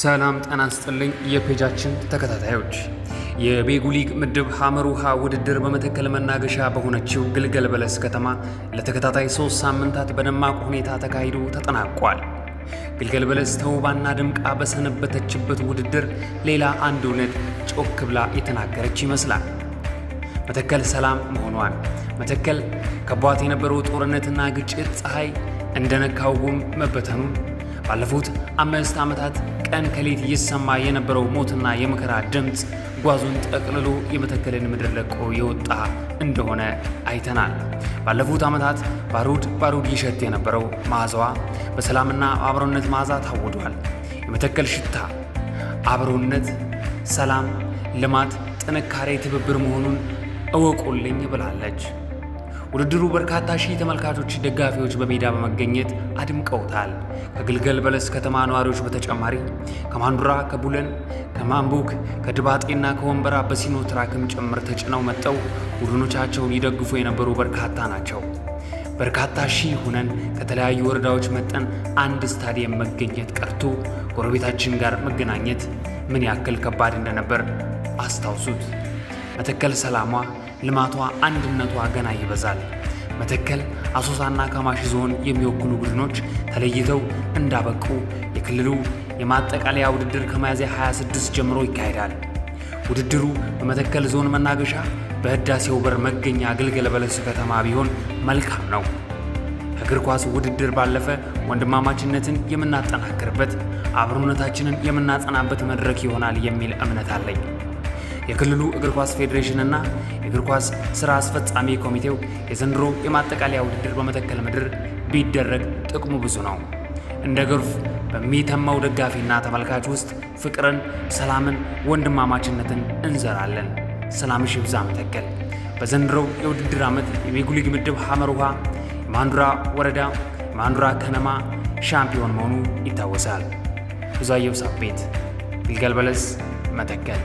ሰላም ጤና ይስጥልኝ የፔጃችን ተከታታዮች የቤጉ ሊግ ምድብ ሐመር ውሃ ውድድር በመተከል መናገሻ በሆነችው ግልገል በለስ ከተማ ለተከታታይ ሶስት ሳምንታት በደማቅ ሁኔታ ተካሂዶ ተጠናቋል። ግልገል በለስ ተውባና ድምቃ በሰነበተችበት ውድድር ሌላ አንድ እውነት ጮክ ብላ የተናገረች ይመስላል። መተከል ሰላም መሆኗን መተከል ከቧት የነበረው ጦርነትና ግጭት ፀሐይ እንደነካው ጉም መበተኑን ባለፉት አምስት ዓመታት ቀን ከሌት ይሰማ የነበረው ሞትና የመከራ ድምፅ ጓዙን ጠቅልሎ የመተከልን ምድር ለቆ የወጣ እንደሆነ አይተናል። ባለፉት ዓመታት ባሩድ ባሩድ ይሸት የነበረው መዓዛዋ በሰላምና በአብሮነት መዓዛ ታውዷል። የመተከል ሽታ አብሮነት፣ ሰላም፣ ልማት፣ ጥንካሬ፣ ትብብር መሆኑን እወቁልኝ ብላለች። ውድድሩ በርካታ ሺህ ተመልካቾች፣ ደጋፊዎች በሜዳ በመገኘት አድምቀውታል። ከግልገል በለስ ከተማ ነዋሪዎች በተጨማሪ ከማንዱራ፣ ከቡለን፣ ከማምቡክ፣ ከድባጤና ከወንበራ በሲኖ ትራክም ጭምር ተጭነው መጠው ቡድኖቻቸውን ይደግፉ የነበሩ በርካታ ናቸው። በርካታ ሺህ ሆነን ከተለያዩ ወረዳዎች መጠን አንድ ስታዲየም መገኘት ቀርቶ ጎረቤታችን ጋር መገናኘት ምን ያክል ከባድ እንደነበር አስታውሱት። መተከል ሰላሟ ልማቷ፣ አንድነቷ ገና ይበዛል። መተከል፣ አሶሳና ካማሺ ዞን የሚወክሉ ቡድኖች ተለይተው እንዳበቁ የክልሉ የማጠቃለያ ውድድር ከሚያዝያ 26 ጀምሮ ይካሄዳል። ውድድሩ በመተከል ዞን መናገሻ በህዳሴው በር መገኛ ግልገል በለስ ከተማ ቢሆን መልካም ነው። ከእግር ኳስ ውድድር ባለፈ ወንድማማችነትን የምናጠናክርበት አብሮነታችንን የምናጸናበት መድረክ ይሆናል የሚል እምነት አለኝ። የክልሉ እግር ኳስ ፌዴሬሽንና የእግር ኳስ ስራ አስፈጻሚ ኮሚቴው የዘንድሮ የማጠቃለያ ውድድር በመተከል ምድር ቢደረግ ጥቅሙ ብዙ ነው። እንደ ግርፍ በሚተማው ደጋፊና ተመልካች ውስጥ ፍቅርን፣ ሰላምን፣ ወንድማማችነትን እንዘራለን። ሰላም ሽብዛ መተከል። በዘንድሮው የውድድር ዓመት የቤጉ ሊግ ምድብ ሐመር ውሃ የማንዱራ ወረዳ የማንዱራ ከነማ ሻምፒዮን መሆኑ ይታወሳል። ብዙአየሁ ሳቤት፣ ይልጋል በለስ፣ መተከል